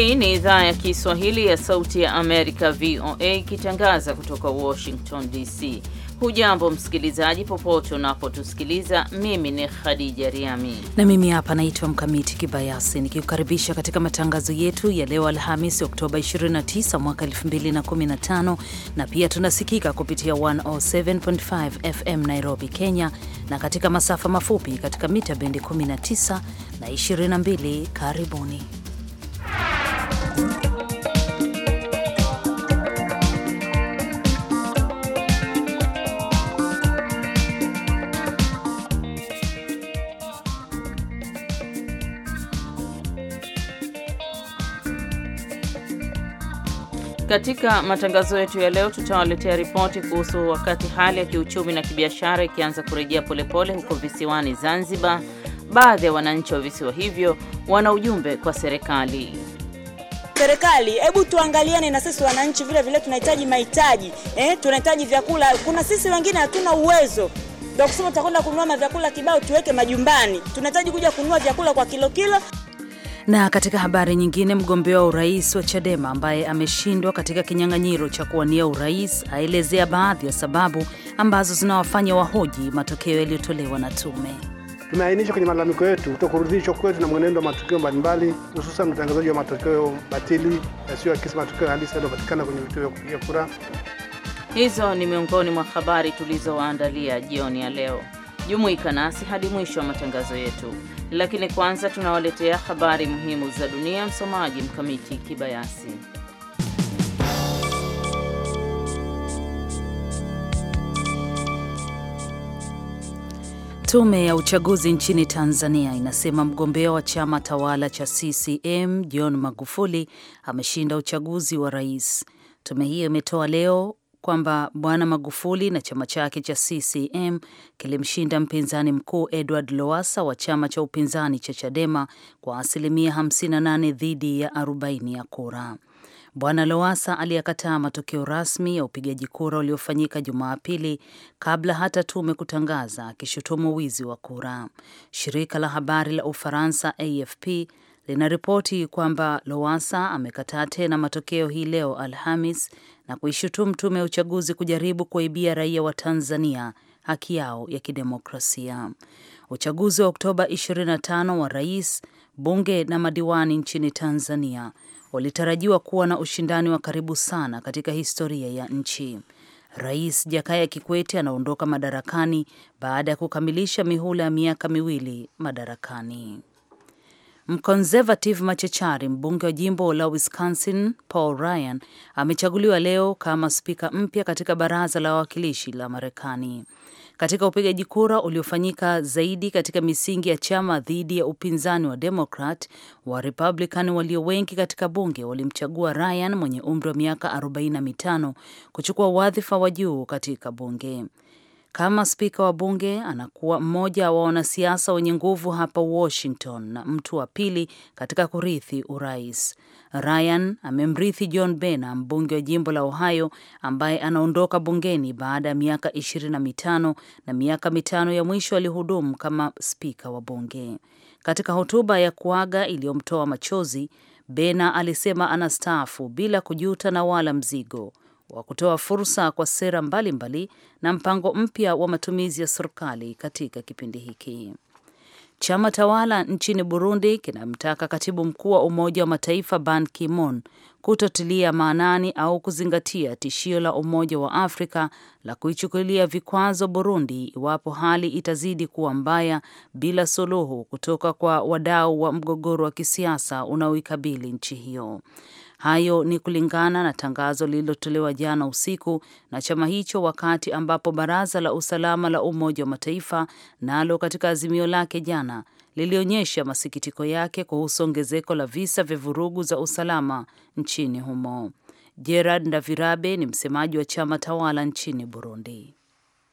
Hii ni idhaa ya Kiswahili ya Sauti ya Amerika, VOA, ikitangaza kutoka Washington DC. Hujambo msikilizaji, popote unapotusikiliza. Mimi ni Khadija Riami na mimi hapa naitwa Mkamiti Kibayasi, nikikukaribisha katika matangazo yetu ya leo Alhamis, Oktoba 29 mwaka 2015. Na pia tunasikika kupitia 107.5 FM Nairobi, Kenya, na katika masafa mafupi katika mita bendi 19 na 22. Karibuni. Katika matangazo yetu ya leo tutawaletea ripoti kuhusu wakati hali ya kiuchumi na kibiashara ikianza kurejea polepole huko visiwani Zanzibar, baadhi ya wananchi wa visiwa hivyo wana ujumbe kwa serikali serikali, hebu tuangaliane na sisi wananchi, vile vile tunahitaji mahitaji eh, tunahitaji vyakula. Kuna sisi wengine hatuna uwezo ndio kusema tutakwenda kununua mavyakula kibao tuweke majumbani, tunahitaji kuja kununua vyakula kwa kilo kilo. Na katika habari nyingine, mgombea wa urais wa Chadema ambaye ameshindwa katika kinyang'anyiro cha kuwania urais aelezea baadhi ya sababu ambazo zinawafanya wahoji matokeo yaliyotolewa na tume. Tumeainisha kwenye malalamiko yetu kutokurudhishwa kwetu na mwenendo wa matukio mbalimbali, hususan utangazaji wa matokeo batili akisi matokeo halisi yaliyopatikana kwenye vituo vya kupiga kura. Hizo ni miongoni mwa habari tulizowaandalia jioni ya leo. Jumuika nasi hadi mwisho wa matangazo yetu, lakini kwanza tunawaletea habari muhimu za dunia. Msomaji Mkamiti Kibayasi. Tume ya uchaguzi nchini Tanzania inasema mgombea wa chama tawala cha CCM John Magufuli ameshinda uchaguzi wa rais. Tume hiyo imetoa leo kwamba Bwana Magufuli na chama chake cha CCM kilimshinda mpinzani mkuu Edward Lowassa wa chama cha upinzani cha Chadema kwa asilimia 58 dhidi ya 40 ya kura. Bwana lowasa aliyekataa matokeo rasmi ya upigaji kura uliofanyika Jumapili kabla hata tume kutangaza, akishutumu wizi wa kura. Shirika la habari la Ufaransa AFP linaripoti kwamba lowasa amekataa tena matokeo hii leo Alhamis na kuishutumu tume ya uchaguzi kujaribu kuwaibia raia wa Tanzania haki yao ya kidemokrasia. Uchaguzi wa Oktoba 25 wa rais, bunge na madiwani nchini Tanzania walitarajiwa kuwa na ushindani wa karibu sana katika historia ya nchi. Rais Jakaya Kikwete anaondoka madarakani baada ya kukamilisha mihula ya miaka miwili madarakani. Mconservative machachari mbunge wa jimbo la Wisconsin Paul Ryan amechaguliwa leo kama spika mpya katika baraza la wawakilishi la Marekani katika upigaji kura uliofanyika zaidi katika misingi ya chama dhidi ya upinzani wa demokrat Wa Republican walio wengi katika bunge walimchagua Ryan mwenye umri wa miaka 45 kuchukua wadhifa wa juu katika bunge. Kama spika wa bunge, anakuwa mmoja wa wanasiasa wenye nguvu hapa Washington na mtu wa pili katika kurithi urais. Ryan amemrithi John Bena, mbunge wa jimbo la Ohio, ambaye anaondoka bungeni baada ya miaka ishirini na mitano na miaka mitano ya mwisho alihudumu kama spika wa bunge. Katika hotuba ya kuaga iliyomtoa machozi, Bena alisema anastaafu bila kujuta na wala mzigo wa kutoa fursa kwa sera mbalimbali mbali na mpango mpya wa matumizi ya serikali katika kipindi hiki. Chama tawala nchini Burundi kinamtaka katibu mkuu wa Umoja wa Mataifa Ban Ki-moon kutotilia maanani au kuzingatia tishio la Umoja wa Afrika la kuichukulia vikwazo Burundi iwapo hali itazidi kuwa mbaya bila suluhu kutoka kwa wadau wa mgogoro wa kisiasa unaoikabili nchi hiyo. Hayo ni kulingana na tangazo lililotolewa jana usiku na chama hicho wakati ambapo Baraza la Usalama la Umoja wa Mataifa nalo na katika azimio lake jana lilionyesha masikitiko yake kuhusu ongezeko la visa vya vurugu za usalama nchini humo. Gerard Ndavirabe ni msemaji wa chama tawala nchini Burundi.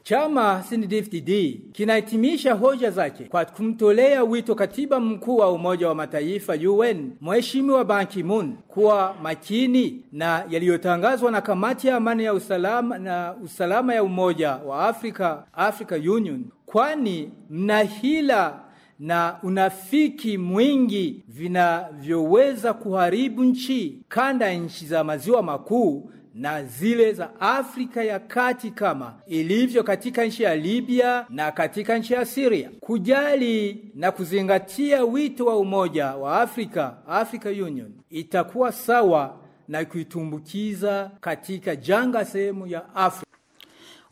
Chama CNDD-FDD kinahitimisha hoja zake kwa kumtolea wito katiba mkuu wa Umoja wa Mataifa UN Mheshimiwa Ban Ki-moon kuwa makini na yaliyotangazwa na kamati ya amani ya usalama na usalama ya Umoja wa Afrika Africa Union kwani mna hila na unafiki mwingi vinavyoweza kuharibu nchi kanda nchi za maziwa makuu na zile za Afrika ya kati kama ilivyo katika nchi ya Libya na katika nchi ya Syria. Kujali na kuzingatia wito wa Umoja wa Afrika, Africa Union, itakuwa sawa na kuitumbukiza katika janga sehemu ya Afrika.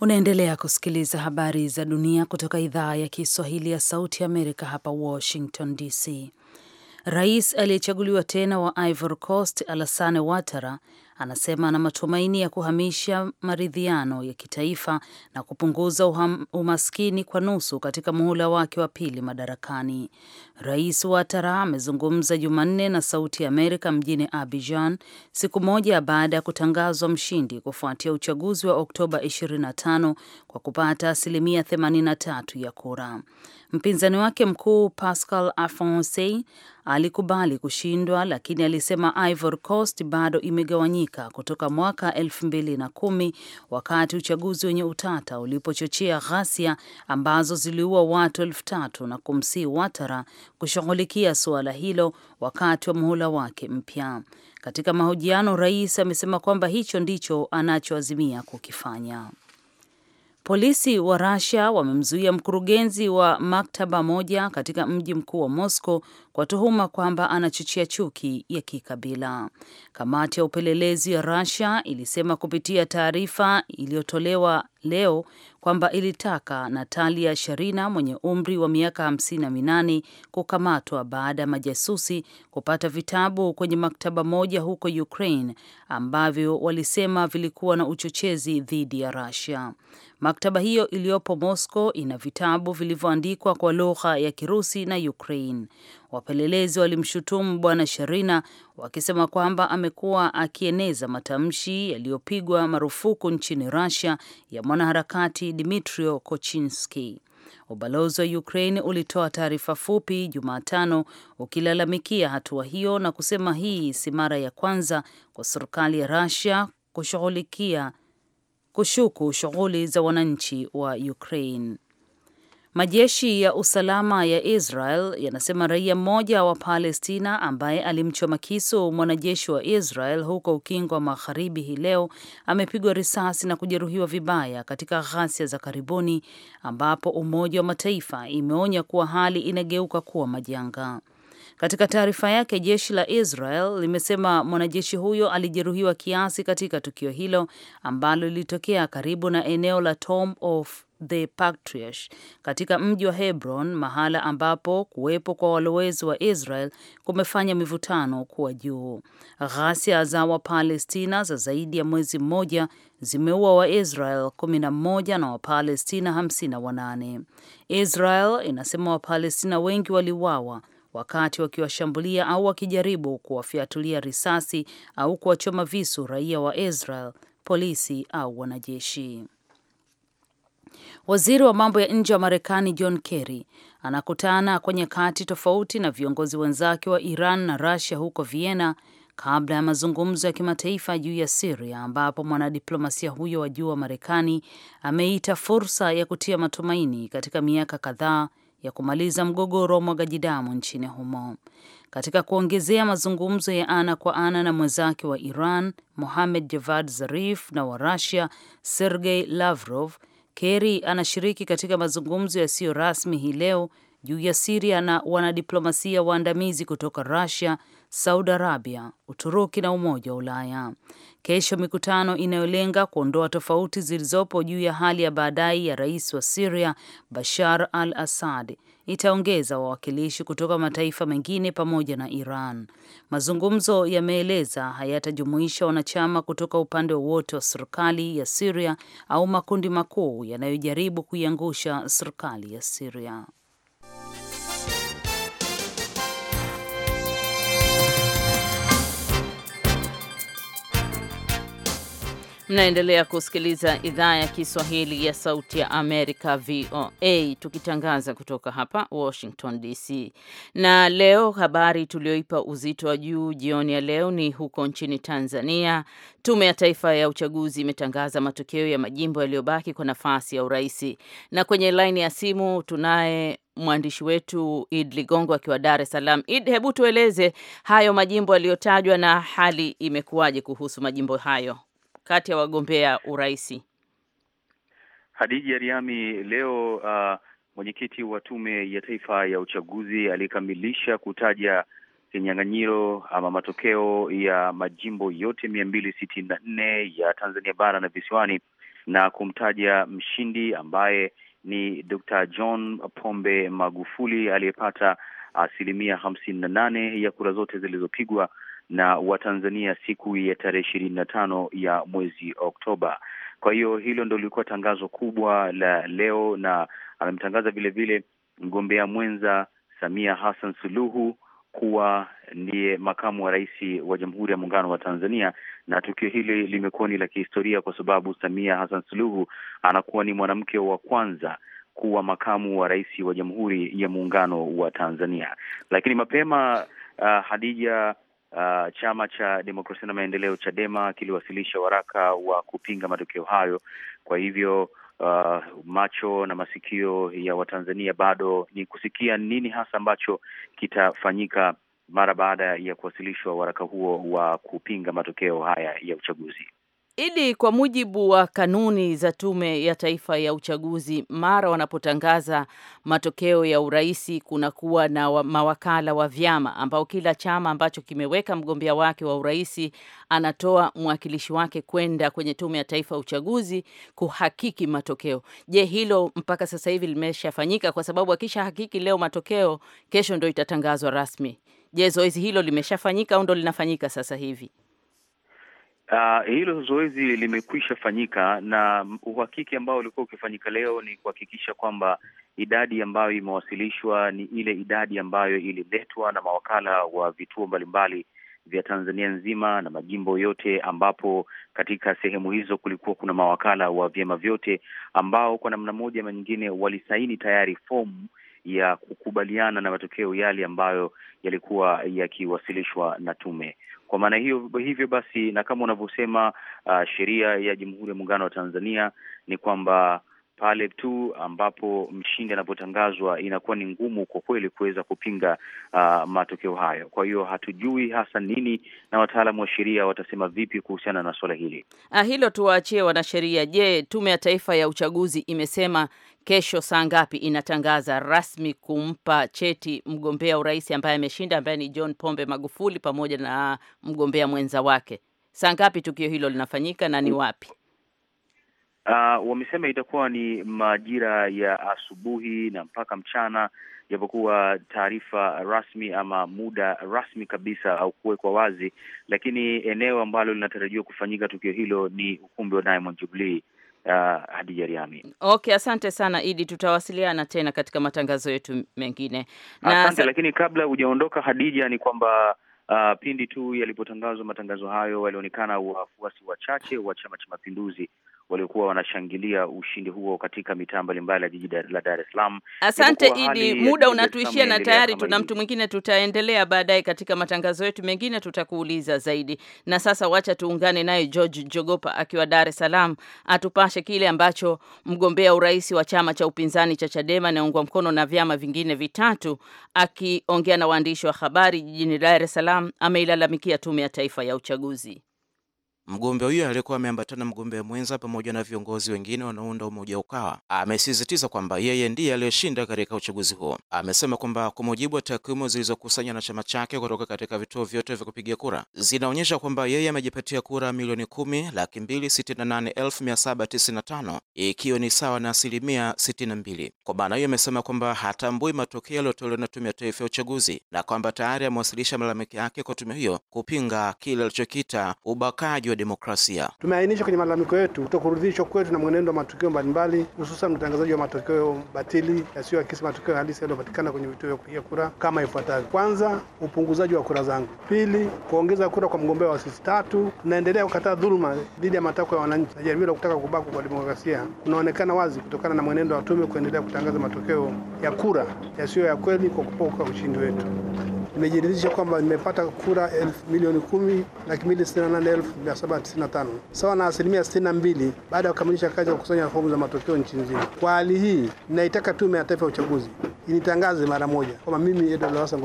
Unaendelea kusikiliza habari za dunia kutoka idhaa ya Kiswahili ya Sauti ya Amerika hapa Washington DC. Rais aliyechaguliwa tena wa Ivory Coast Alassane Ouattara anasema ana matumaini ya kuhamisha maridhiano ya kitaifa na kupunguza uham, umaskini kwa nusu katika muhula wake wa pili madarakani. Rais Ouattara amezungumza Jumanne na Sauti ya Amerika mjini Abidjan, siku moja baada ya kutangazwa mshindi kufuatia uchaguzi wa Oktoba 25 kwa kupata asilimia 83 ya kura. Mpinzani wake mkuu Pascal Afonsei alikubali kushindwa, lakini alisema Ivory Coast bado imegawanyika kufanyika kutoka mwaka 2010 wakati uchaguzi wenye utata ulipochochea ghasia ambazo ziliua watu elfu tatu na kumsii Watara kushughulikia suala hilo wakati wa muhula wake mpya. Katika mahojiano, rais amesema kwamba hicho ndicho anachoazimia kukifanya. Polisi wa Russia wamemzuia mkurugenzi wa maktaba moja katika mji mkuu wa Moscow kwa tuhuma kwamba anachochea chuki ya kikabila. Kamati ya upelelezi ya Russia ilisema kupitia taarifa iliyotolewa leo kwamba ilitaka Natalia Sharina mwenye umri wa miaka hamsini na minane kukamatwa baada ya majasusi kupata vitabu kwenye maktaba moja huko Ukraine ambavyo walisema vilikuwa na uchochezi dhidi ya Russia. Maktaba hiyo iliyopo Moscow ina vitabu vilivyoandikwa kwa lugha ya Kirusi na Ukraine. Wapelelezi walimshutumu Bwana Sherina wakisema kwamba amekuwa akieneza matamshi yaliyopigwa marufuku nchini Russia ya mwanaharakati Dmitrio kochinski Ubalozi wa Ukraine ulitoa taarifa fupi Jumatano ukilalamikia hatua hiyo na kusema hii si mara ya kwanza kwa serikali ya Russia kushughulikia kushuku shughuli za wananchi wa Ukraine. Majeshi ya usalama ya Israel yanasema raia mmoja wa Palestina ambaye alimchoma kisu mwanajeshi wa Israel huko Ukingo wa Magharibi hii leo amepigwa risasi na kujeruhiwa vibaya katika ghasia za karibuni, ambapo Umoja wa Mataifa imeonya kuwa hali inageuka kuwa majanga. Katika taarifa yake, jeshi la Israel limesema mwanajeshi huyo alijeruhiwa kiasi katika tukio hilo ambalo lilitokea karibu na eneo la Tomb of the Patriarch katika mji wa Hebron, mahala ambapo kuwepo kwa walowezi wa Israel kumefanya mivutano kuwa juu. Ghasia za Wapalestina za zaidi ya mwezi mmoja zimeua Waisrael 11 na Wapalestina 58. Israel inasema Wapalestina wengi waliuawa wakati wakiwashambulia au wakijaribu kuwafyatulia risasi au kuwachoma visu raia wa Israel, polisi au wanajeshi. Waziri wa mambo ya nje wa Marekani John Kerry anakutana kwa nyakati tofauti na viongozi wenzake wa Iran na rasia huko Vienna kabla ya mazungumzo ya kimataifa juu ya Siria ambapo mwanadiplomasia huyo wa juu wa Marekani ameita fursa ya kutia matumaini katika miaka kadhaa ya kumaliza mgogoro wa mwagaji damu nchini humo. Katika kuongezea mazungumzo ya ana kwa ana na mwenzake wa Iran Mohamed Javad Zarif na wa Rusia Sergei Lavrov, Kerry anashiriki katika mazungumzo yasiyo rasmi hii leo juu ya Siria na wanadiplomasia waandamizi kutoka Rusia, Saudi Arabia, Uturuki na Umoja wa Ulaya kesho mikutano inayolenga kuondoa tofauti zilizopo juu ya hali ya baadaye ya rais wa Siria Bashar al Assad itaongeza wawakilishi kutoka mataifa mengine pamoja na Iran. Mazungumzo yameeleza hayatajumuisha wanachama kutoka upande wowote wa serikali ya Siria au makundi makuu yanayojaribu kuiangusha serikali ya Siria. Mnaendelea kusikiliza idhaa ya Kiswahili ya Sauti ya Amerika, VOA, tukitangaza kutoka hapa Washington DC. Na leo habari tuliyoipa uzito wa juu jioni ya leo ni huko nchini Tanzania. Tume ya Taifa ya Uchaguzi imetangaza matokeo ya majimbo yaliyobaki kwa nafasi ya uraisi, na kwenye laini ya simu tunaye mwandishi wetu Id Ligongo akiwa Dar es Salaam. Id, hebu tueleze hayo majimbo yaliyotajwa na hali imekuwaje kuhusu majimbo hayo? kati ya wagombea uraisi? Hadija Riami, leo uh, mwenyekiti wa Tume ya Taifa ya Uchaguzi alikamilisha kutaja kinyang'anyiro ama matokeo ya majimbo yote mia mbili sitini na nne ya Tanzania bara na visiwani na kumtaja mshindi ambaye ni Dr. John Pombe Magufuli aliyepata asilimia hamsini na nane ya kura zote zilizopigwa na Watanzania siku ya tarehe ishirini na tano ya mwezi Oktoba. Kwa hiyo hilo ndo lilikuwa tangazo kubwa la leo, na amemtangaza vilevile mgombea mwenza Samia Hassan Suluhu kuwa ndiye makamu wa rais wa Jamhuri ya Muungano wa Tanzania. Na tukio hili limekuwa ni la kihistoria kwa sababu Samia Hassan Suluhu anakuwa ni mwanamke wa kwanza kuwa makamu wa rais wa Jamhuri ya Muungano wa Tanzania. Lakini mapema uh, Hadija Uh, chama cha demokrasia na maendeleo Chadema kiliwasilisha waraka wa kupinga matokeo hayo. Kwa hivyo uh, macho na masikio ya Watanzania bado ni kusikia nini hasa ambacho kitafanyika mara baada ya kuwasilishwa waraka huo wa kupinga matokeo haya ya uchaguzi. Ili kwa mujibu wa kanuni za Tume ya Taifa ya Uchaguzi, mara wanapotangaza matokeo ya uraisi kunakuwa na wa, mawakala wa vyama ambao kila chama ambacho kimeweka mgombea wake wa uraisi anatoa mwakilishi wake kwenda kwenye Tume ya Taifa ya Uchaguzi kuhakiki matokeo. Je, hilo mpaka sasa hivi limeshafanyika? Kwa sababu akisha hakiki leo matokeo, kesho ndo itatangazwa rasmi. Je, zoezi hilo limeshafanyika au ndo linafanyika sasa hivi? Uh, hilo zoezi limekwisha fanyika na uhakiki ambao ulikuwa ukifanyika leo ni kuhakikisha kwamba idadi ambayo imewasilishwa ni ile idadi ambayo ililetwa na mawakala wa vituo mbalimbali vya Tanzania nzima na majimbo yote, ambapo katika sehemu hizo kulikuwa kuna mawakala wa vyama vyote ambao kwa namna moja ama nyingine walisaini tayari fomu ya kukubaliana na matokeo yale ambayo yalikuwa yakiwasilishwa na tume. Kwa maana hiyo, hivyo basi, na kama unavyosema uh, sheria ya Jamhuri ya Muungano wa Tanzania ni kwamba pale tu ambapo mshindi anapotangazwa inakuwa ni ngumu kwa kweli kuweza kupinga uh, matokeo hayo. Kwa hiyo hatujui hasa nini, na wataalamu wa sheria watasema vipi kuhusiana na suala hili. Ah, hilo tuwaachie wanasheria. Je, Tume ya Taifa ya Uchaguzi imesema kesho saa ngapi inatangaza rasmi kumpa cheti mgombea urais ambaye ameshinda ambaye ni John Pombe Magufuli pamoja na mgombea mwenza wake. Saa ngapi tukio hilo linafanyika na ni wapi? Uh, wamesema itakuwa ni majira ya asubuhi na mpaka mchana, japokuwa taarifa rasmi ama muda rasmi kabisa au kuwekwa wazi, lakini eneo ambalo linatarajiwa kufanyika tukio hilo ni ukumbi wa Diamond Jubilee uh, Hadija Riami. Okay, asante sana Idi, tutawasiliana tena katika matangazo yetu mengine na asante. Lakini kabla hujaondoka Hadija, ni kwamba uh, pindi tu yalipotangazwa matangazo hayo walionekana wafuasi wachache wa Chama cha Mapinduzi waliokuwa wanashangilia ushindi huo katika mitaa mbalimbali ya jiji la Dar es Salaam. Asante Idi, muda unatuishia na tayari tuna mtu mwingine, tutaendelea baadaye katika matangazo yetu mengine, tutakuuliza zaidi. Na sasa wacha tuungane naye George Jogopa akiwa Dar es Salaam atupashe kile ambacho mgombea urais wa chama cha upinzani cha Chadema anaungwa mkono na vyama vingine vitatu, akiongea na waandishi wa habari jijini Dar es Salaam ameilalamikia Tume ya Taifa ya Uchaguzi. Mgombea huyo aliyekuwa ameambatana mgombea mwenza pamoja na viongozi wengine wanaounda umoja Ukawa amesisitiza kwamba yeye ndiye aliyeshinda katika uchaguzi huo. Amesema kwamba kwa mujibu wa takwimu zilizokusanywa na chama chake kutoka katika vituo vyote vya kupiga kura zinaonyesha kwamba yeye amejipatia kura milioni kumi laki mbili sitini na nane elfu mia saba tisini na tano ikiwa ni sawa na asilimia sitini na mbili. Kwa maana hiyo, amesema kwamba hatambui matokeo yaliyotolewa na Tume ya Taifa ya Uchaguzi na kwamba tayari amewasilisha malalamiki yake kwa tume hiyo kupinga kile alichokita ubakaji wa demokrasia. Tumeainisha kwenye malalamiko yetu kutokurudhishwa kwetu na mwenendo wa matukio mbalimbali, hususan utangazaji wa matokeo batili yasiyoakisi matokeo halisi yaliyopatikana kwenye vituo vya kupiga kura kama ifuatavyo: kwanza, upunguzaji wa kura zangu; pili, kuongeza kura kwa mgombea wa sisi; tatu, tunaendelea kukataa dhuluma dhidi ya matakwa ya wananchi na jaribio la kutaka kubakwa kwa demokrasia kunaonekana wazi kutokana na mwenendo wa tume kuendelea kutangaza matokeo ya kura yasiyo ya kweli kwa kupoka ushindi wetu nimejiridhisha kwamba nimepata kura milioni kumi laki mbili sitini na nane elfu mia saba tisini na tano sawa na asilimia sitini na mbili baada ya kukamilisha kazi ya kukusanya fomu za matokeo nchi nzima. Kwa hali hii, naitaka Tume ya Taifa ya Uchaguzi initangaze mara moja kwamba mimi Edward Lowassa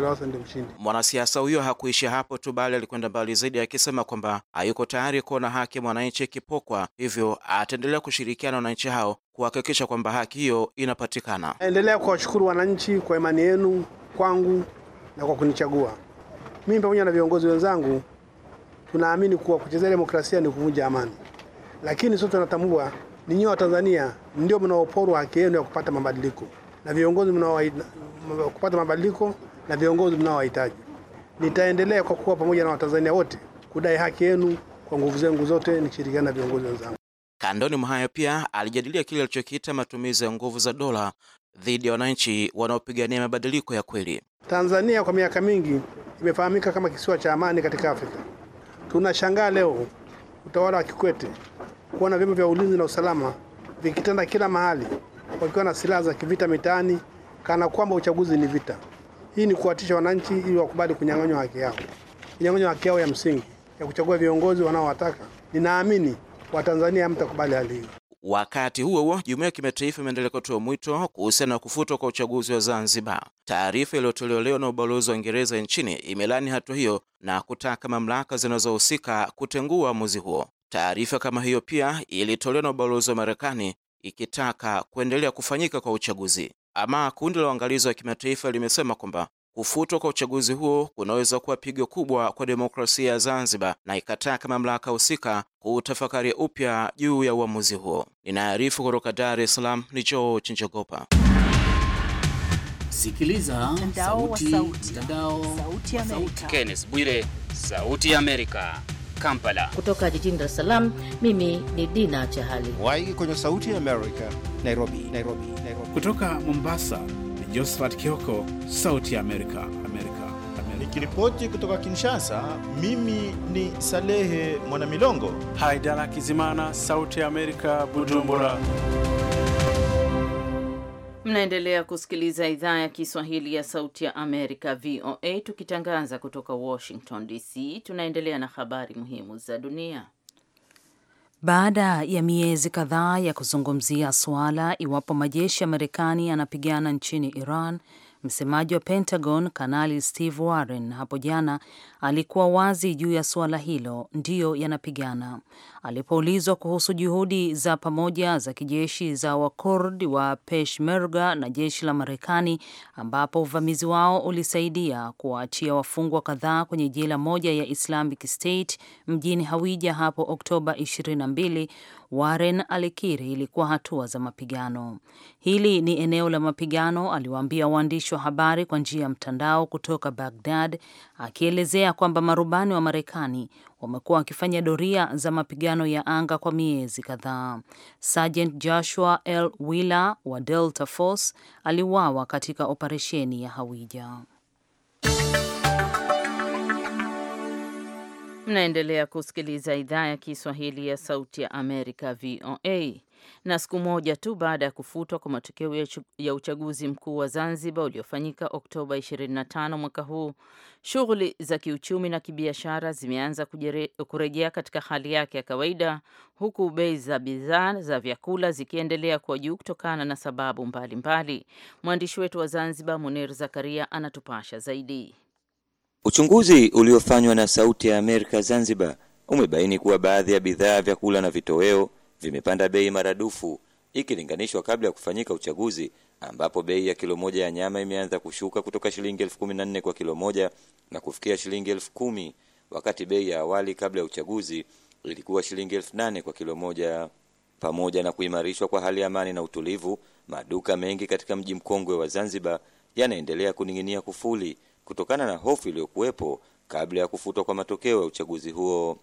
Lowassa ndio mshindi. Mwanasiasa huyo hakuishi hapo tu, bali alikwenda mbali zaidi akisema kwamba hayuko tayari kuona haki mwananchi ikipokwa, hivyo ataendelea kushirikiana na wananchi hao kuhakikisha kwamba haki hiyo inapatikana. Endelea kuwashukuru wananchi kwa imani yenu kwangu na kwa kunichagua mimi pamoja na viongozi wenzangu. Tunaamini kuwa kuchezea demokrasia ni kuvunja amani, lakini sote tunatambua ninyi wa Tanzania ndio mnaoporwa haki yenu ya kupata mabadiliko na viongozi kupata mabadiliko na viongozi mnaowahitaji. Nitaendelea kwa kuwa pamoja na Watanzania wote kudai haki yenu kwa nguvu zangu zote, nikishirikiana na viongozi wenzangu. Kandoni mhayo pia alijadilia kile alichokiita matumizi ya nguvu za dola dhidi ya wananchi wanaopigania mabadiliko ya kweli. Tanzania kwa miaka mingi imefahamika kama kisiwa cha amani katika Afrika. Tunashangaa leo utawala wa Kikwete kuona vyombo vya ulinzi na usalama vikitanda kila mahali wakiwa na silaha za kivita mitaani, kana kwamba uchaguzi ni vita. Hii ni kuwatisha wananchi ili wakubali kunyang'anywa haki yao, kunyang'anywa haki yao ya msingi ya kuchagua viongozi wanaowataka. Ninaamini Watanzania hamtakubali hali hiyo. Wakati huo huo, jumuiya ya kimataifa imeendelea kutoa mwito kuhusiana na kufutwa kwa uchaguzi wa Zanzibar. Taarifa iliyotolewa leo na ubalozi wa Uingereza nchini imelani hatua hiyo na kutaka mamlaka zinazohusika kutengua uamuzi huo. Taarifa kama hiyo pia ilitolewa na ubalozi wa Marekani ikitaka kuendelea kufanyika kwa uchaguzi. Ama kundi la uangalizi wa kimataifa limesema kwamba Kufutwa kwa uchaguzi huo kunaweza kuwa pigo kubwa kwa demokrasia ya Zanzibar na ikataka mamlaka husika kutafakari upya juu ya uamuzi huo. Ninaarifu kutoka Dar es Salaam ni George Njogopa. Sikiliza sauti, mtandao wa sauti. Kenneth Bwire, Sauti ya Amerika. Kampala. Kutoka jijini Dar es Salaam, mimi ni Dina Chahali. Waiki kwenye Sauti ya Amerika, Nairobi, Nairobi, Nairobi. Kutoka Mombasa Josephat Kioko, Sauti ya Amerika, Amerika. Nikiripoti kutoka Kinshasa, mimi ni Salehe Mwanamilongo. Haidara Kizimana, Sauti ya Amerika, Bujumbura. Mnaendelea kusikiliza idhaa ya Kiswahili ya Sauti ya Amerika, VOA, tukitangaza kutoka Washington DC. Tunaendelea na habari muhimu za dunia. Baada ya miezi kadhaa ya kuzungumzia suala iwapo majeshi ya Marekani yanapigana nchini Iran, msemaji wa Pentagon Kanali Steve Warren hapo jana alikuwa wazi juu ya suala hilo, ndiyo yanapigana. Alipoulizwa kuhusu juhudi za pamoja za kijeshi za Wakurd wa Peshmerga na jeshi la Marekani, ambapo uvamizi wao ulisaidia kuwaachia wafungwa kadhaa kwenye jela moja ya Islamic State mjini Hawija hapo Oktoba 22, Warren alikiri ilikuwa hatua za mapigano. Hili ni eneo la mapigano, aliwaambia waandishi wa habari kwa njia ya mtandao kutoka Baghdad, akielezea kwamba marubani wa Marekani wamekuwa wakifanya doria za mapigano ya anga kwa miezi kadhaa. Sergeant Joshua L. Wheeler wa Delta Force aliuawa katika operesheni ya Hawija. Mnaendelea kusikiliza idhaa ya Kiswahili ya Sauti ya Amerika, VOA na siku moja tu baada ya kufutwa kwa matokeo ya uchaguzi mkuu wa Zanzibar uliofanyika Oktoba 25 mwaka huu, shughuli za kiuchumi na kibiashara zimeanza kurejea katika hali yake ya kawaida, huku bei za bidhaa za vyakula zikiendelea kwa juu kutokana na sababu mbalimbali. Mwandishi wetu wa Zanzibar Munir Zakaria anatupasha zaidi. Uchunguzi uliofanywa na Sauti ya Amerika Zanzibar umebaini kuwa baadhi ya bidhaa, vyakula na vitoweo vimepanda bei maradufu ikilinganishwa kabla ya kufanyika uchaguzi ambapo bei ya kilo moja ya nyama imeanza kushuka kutoka shilingi elfu kumi na nne kwa kilo moja na kufikia shilingi elfu kumi wakati bei ya awali kabla ya uchaguzi ilikuwa shilingi elfu nane kwa kilo moja. Pamoja na kuimarishwa kwa hali ya amani na utulivu, maduka mengi katika mji mkongwe wa Zanzibar yanaendelea kuning'inia kufuli kutokana na hofu iliyokuwepo kabla ya kufutwa kwa matokeo ya uchaguzi huo.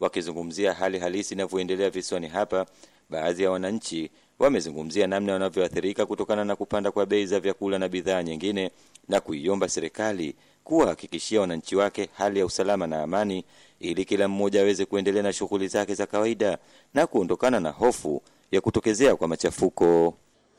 Wakizungumzia hali halisi inavyoendelea visiwani hapa, baadhi ya wananchi wamezungumzia namna wanavyoathirika kutokana na kupanda kwa bei za vyakula na bidhaa nyingine, na kuiomba serikali kuwahakikishia wananchi wake hali ya usalama na amani, ili kila mmoja aweze kuendelea na shughuli zake za kawaida na kuondokana na hofu ya kutokezea kwa machafuko.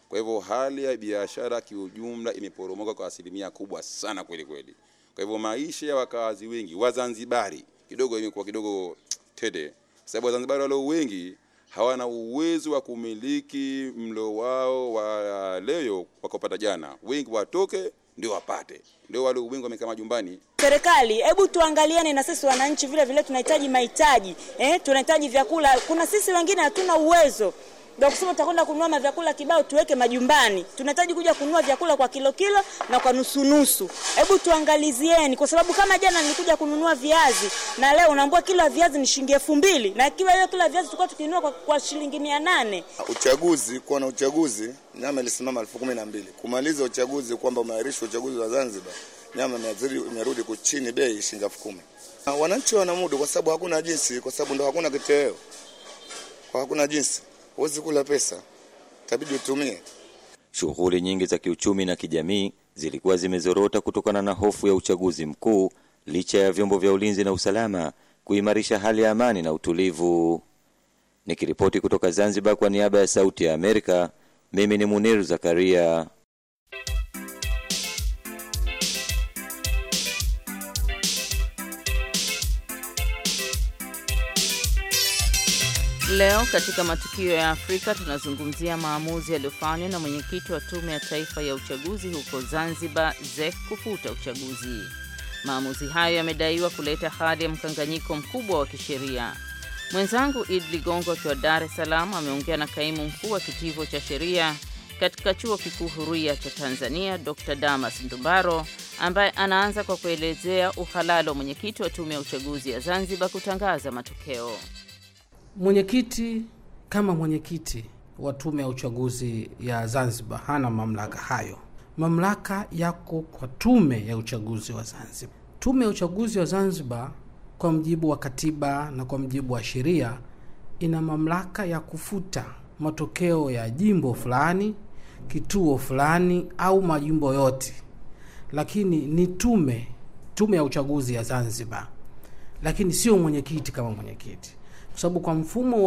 Kwa hivyo hali ya biashara kiujumla imeporomoka kwa asilimia kubwa sana kweli kweli. Kwa hivyo maisha ya wakazi wengi Wazanzibari kidogo imekuwa kidogo tede, sababu Wazanzibari walio wengi hawana uwezo wa kumiliki mlo wao wa leo wakopata jana. Wengi watoke ndio wapate, ndio wale wengi wamekaa majumbani. Serikali, hebu tuangaliane na sisi wananchi, vile vile tunahitaji mahitaji eh, tunahitaji vyakula. Kuna sisi wengine hatuna uwezo ndio kusema tutakwenda kununua mavyakula kibao tuweke majumbani. Tunahitaji kuja kununua vyakula kwa kilo kilo na kwa nusu nusu. Hebu tuangalizieni, kwa sababu kama jana nilikuja kununua viazi na leo unaambua kilo ya viazi ni shilingi elfu mbili na ikiwa hiyo kilo ya viazi tulikuwa tukinunua kwa, kwa shilingi mia nane. Uchaguzi kuwa na uchaguzi, nyama ilisimama elfu kumi na mbili kumaliza uchaguzi, kwamba umeahirishwa uchaguzi wa Zanzibar, nyama imerudi kuchini bei shilingi elfu kumi. Wananchi wanamudu kwa sababu hakuna jinsi, kwa sababu ndo hakuna kitoweo, kwa hakuna jinsi huwezi kula pesa, itabidi utumie. Shughuli nyingi za kiuchumi na kijamii zilikuwa zimezorota kutokana na hofu ya uchaguzi mkuu, licha ya vyombo vya ulinzi na usalama kuimarisha hali ya amani na utulivu. Nikiripoti kutoka Zanzibar kwa niaba ya Sauti ya Amerika, mimi ni Munir Zakaria. Leo katika matukio ya Afrika tunazungumzia maamuzi yaliyofanywa na mwenyekiti wa Tume ya Taifa ya Uchaguzi huko Zanzibar, ze kufuta uchaguzi. Maamuzi hayo yamedaiwa kuleta hali ya mkanganyiko mkubwa wa kisheria. Mwenzangu Idi Ligongo akiwa Dar es Salaam ameongea na kaimu mkuu wa kitivo cha sheria katika Chuo Kikuu Huria cha Tanzania, Dr Damas Ndumbaro, ambaye anaanza kwa kuelezea uhalali wa mwenyekiti wa Tume ya Uchaguzi ya Zanzibar kutangaza matokeo. Mwenyekiti kama mwenyekiti wa tume ya uchaguzi ya Zanzibar hana mamlaka hayo. Mamlaka yako kwa tume ya uchaguzi wa Zanzibar. Tume ya uchaguzi wa Zanzibar kwa mjibu wa katiba na kwa mjibu wa sheria ina mamlaka ya kufuta matokeo ya jimbo fulani, kituo fulani au majimbo yote, lakini ni tume tume ya uchaguzi ya Zanzibar, lakini sio mwenyekiti kama mwenyekiti kwa sababu kwa mfumo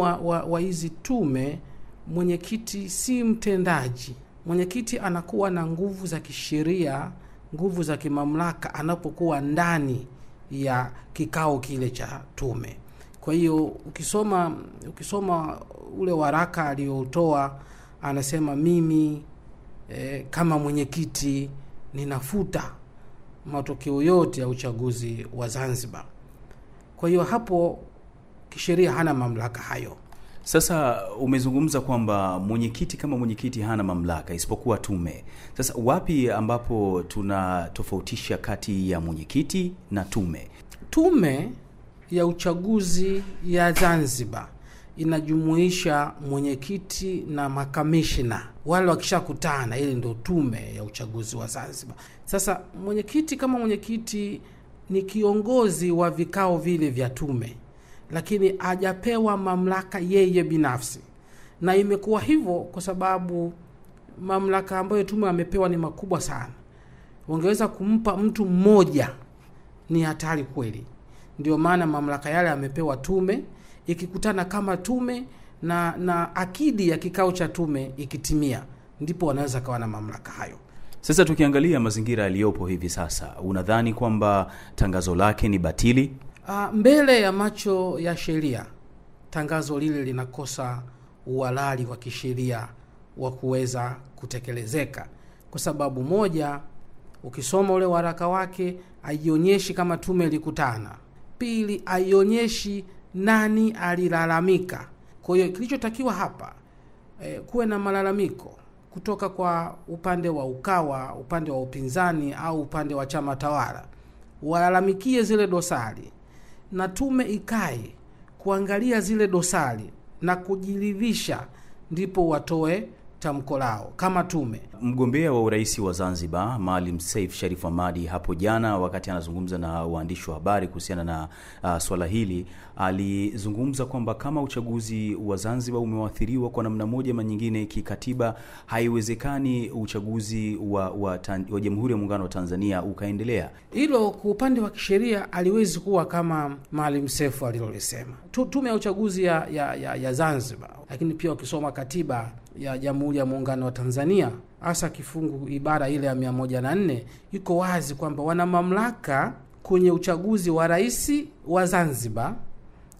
wa hizi tume mwenyekiti si mtendaji. Mwenyekiti anakuwa na nguvu za kisheria, nguvu za kimamlaka anapokuwa ndani ya kikao kile cha tume. Kwa hiyo ukisoma ukisoma ule waraka aliyotoa anasema, mimi eh, kama mwenyekiti ninafuta matokeo yote ya uchaguzi wa Zanzibar. Kwa hiyo hapo kisheria hana mamlaka hayo. Sasa umezungumza kwamba mwenyekiti kama mwenyekiti hana mamlaka isipokuwa tume. Sasa wapi ambapo tunatofautisha kati ya mwenyekiti na tume? Tume ya uchaguzi ya Zanzibar inajumuisha mwenyekiti na makamishna wale, wakishakutana ili ndio tume ya uchaguzi wa Zanzibar. Sasa mwenyekiti kama mwenyekiti ni kiongozi wa vikao vile vya tume lakini hajapewa mamlaka yeye binafsi, na imekuwa hivyo kwa sababu mamlaka ambayo tume amepewa ni makubwa sana. Wangeweza kumpa mtu mmoja, ni hatari kweli. Ndio maana mamlaka yale amepewa tume, ikikutana kama tume na na akidi ya kikao cha tume ikitimia, ndipo wanaweza kawa na mamlaka hayo. Sasa tukiangalia mazingira yaliyopo hivi sasa, unadhani kwamba tangazo lake ni batili? Uh, mbele ya macho ya sheria tangazo lile linakosa uhalali wa kisheria wa kuweza kutekelezeka, kwa sababu moja, ukisoma ule waraka wake haionyeshi kama tume ilikutana. Pili, haionyeshi nani alilalamika. Kwa hiyo kilichotakiwa hapa e, kuwe na malalamiko kutoka kwa upande wa Ukawa, upande wa upinzani au upande wa chama tawala, walalamikie zile dosari na tume ikae kuangalia zile dosari na kujiridhisha, ndipo watoe tamko lao kama tume. Mgombea wa urais wa Zanzibar Maalim Seif Sharif amadi hapo jana, wakati anazungumza na waandishi wa habari kuhusiana na uh, swala hili, alizungumza kwamba kama uchaguzi wa Zanzibar umewathiriwa kwa namna moja ama nyingine kikatiba, haiwezekani uchaguzi wa, wa, wa Jamhuri ya Muungano wa Tanzania ukaendelea. Hilo kwa upande wa kisheria aliwezi kuwa kama Maalim Seif alilolisema. Tume ya uchaguzi ya, ya, ya, ya Zanzibar, lakini pia ukisoma katiba ya Jamhuri ya Muungano wa Tanzania, hasa kifungu ibara ile ya 104 iko wazi kwamba wana mamlaka kwenye uchaguzi wa rais wa Zanzibar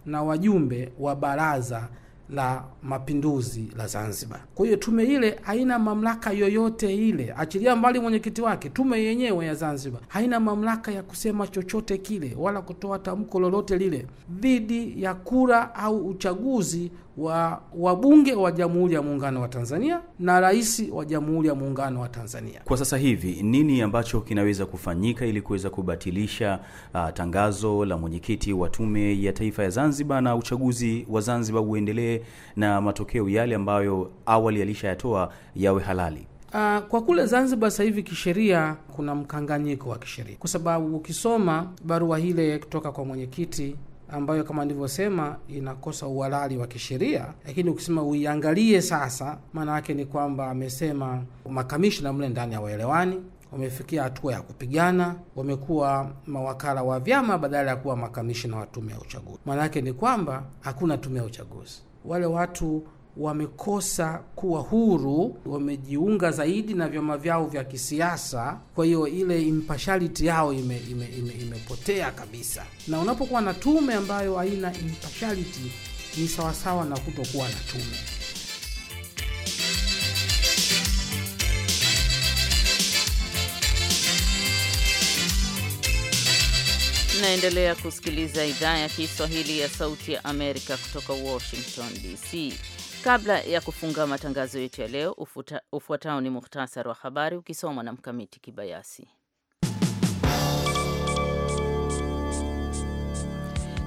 na wajumbe wa baraza la mapinduzi la Zanzibar. Kwa hiyo tume ile haina mamlaka yoyote ile, achilia mbali mwenyekiti wake. Tume yenyewe ya Zanzibar haina mamlaka ya kusema chochote kile wala kutoa tamko lolote lile dhidi ya kura au uchaguzi wa wabunge wa Jamhuri ya Muungano wa Tanzania na rais wa Jamhuri ya Muungano wa Tanzania. Kwa sasa hivi nini ambacho kinaweza kufanyika ili kuweza kubatilisha uh, tangazo la mwenyekiti wa Tume ya Taifa ya Zanzibar na uchaguzi wa Zanzibar uendelee na matokeo yale ambayo awali alishayatoa yawe halali? Uh, kwa kule Zanzibar sasa hivi kisheria kuna mkanganyiko wa kisheria, kwa sababu ukisoma barua hile kutoka kwa mwenyekiti ambayo kama nilivyosema inakosa uhalali wa kisheria, lakini ukisema uiangalie sasa, maana yake ni kwamba amesema makamishna mle ndani ya waelewani wamefikia hatua ya kupigana, wamekuwa mawakala wa vyama badala ya kuwa makamishina wa tume ya uchaguzi. Maana yake ni kwamba hakuna tume ya uchaguzi, wale watu wamekosa kuwa huru, wamejiunga zaidi na vyama vyao vya kisiasa. Kwa hiyo ile impartiality yao ime, ime, ime, imepotea kabisa, na unapokuwa na tume ambayo haina impartiality ni sawasawa na kutokuwa na tume. Naendelea kusikiliza idhaa ya Kiswahili ya Sauti ya Amerika kutoka Washington DC. Kabla ya kufunga matangazo yetu ya leo, ufuatao ni muhtasari wa habari ukisomwa na Mkamiti Kibayasi.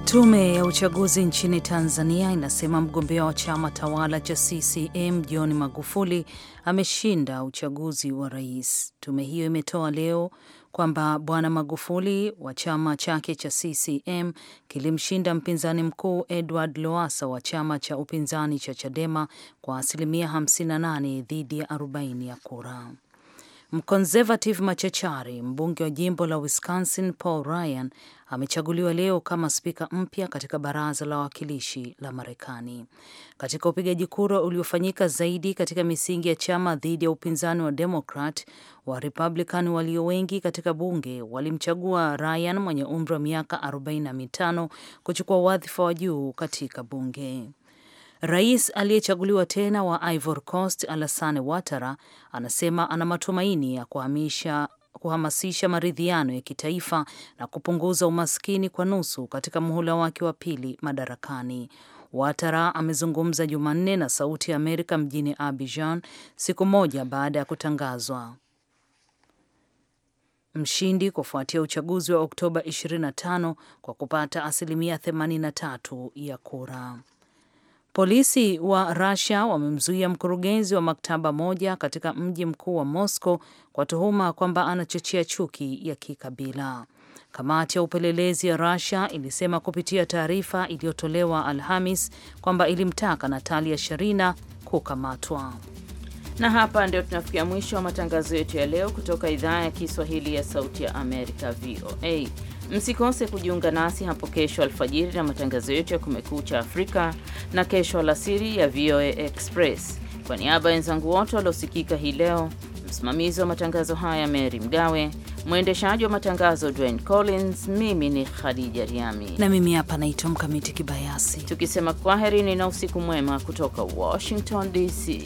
Tume ya uchaguzi nchini Tanzania inasema mgombea wa chama tawala cha CCM John Magufuli ameshinda uchaguzi wa rais. Tume hiyo imetoa leo kwamba Bwana Magufuli wa chama chake cha CCM kilimshinda mpinzani mkuu Edward Lowassa wa chama cha upinzani cha Chadema kwa asilimia 58 dhidi ya 40 ya kura mkonservative machachari mbunge wa jimbo la Wisconsin Paul Ryan amechaguliwa leo kama spika mpya katika baraza la wawakilishi la Marekani. Katika upigaji kura uliofanyika zaidi katika misingi ya chama dhidi ya upinzani wa Demokrat, wa Republican walio wengi katika bunge walimchagua Ryan mwenye umri wa miaka 45 kuchukua wadhifa wa juu katika bunge. Rais aliyechaguliwa tena wa Ivory Coast Alassane Ouattara anasema ana matumaini ya kuhamisha kuhamasisha maridhiano ya kitaifa na kupunguza umaskini kwa nusu katika muhula wake wa pili madarakani. watara amezungumza Jumanne na Sauti ya Amerika mjini Abidjan siku moja baada ya kutangazwa mshindi kufuatia uchaguzi wa Oktoba 25 kwa kupata asilimia 83 ya kura. Polisi wa Russia wamemzuia mkurugenzi wa maktaba moja katika mji mkuu wa Moscow kwa tuhuma kwamba anachochea chuki ya kikabila. Kamati ya upelelezi ya Russia ilisema kupitia taarifa iliyotolewa Alhamis kwamba ilimtaka Natalia Sherina kukamatwa. Na hapa ndio tunafikia mwisho wa matangazo yetu ya leo kutoka idhaa ya Kiswahili ya Sauti ya Amerika, VOA. Msikose kujiunga nasi hapo kesho alfajiri na matangazo yetu ya Kumekucha Afrika na kesho alasiri ya VOA Express. Kwa niaba ya wenzangu wote waliosikika hii leo, msimamizi wa matangazo haya Mary Mgawe, mwendeshaji wa matangazo Dwayne Collins, mimi ni Khadija Riami na mimi hapa naitwa Mkamiti Kibayasi, tukisema kwaheri ni na usiku mwema kutoka Washington DC.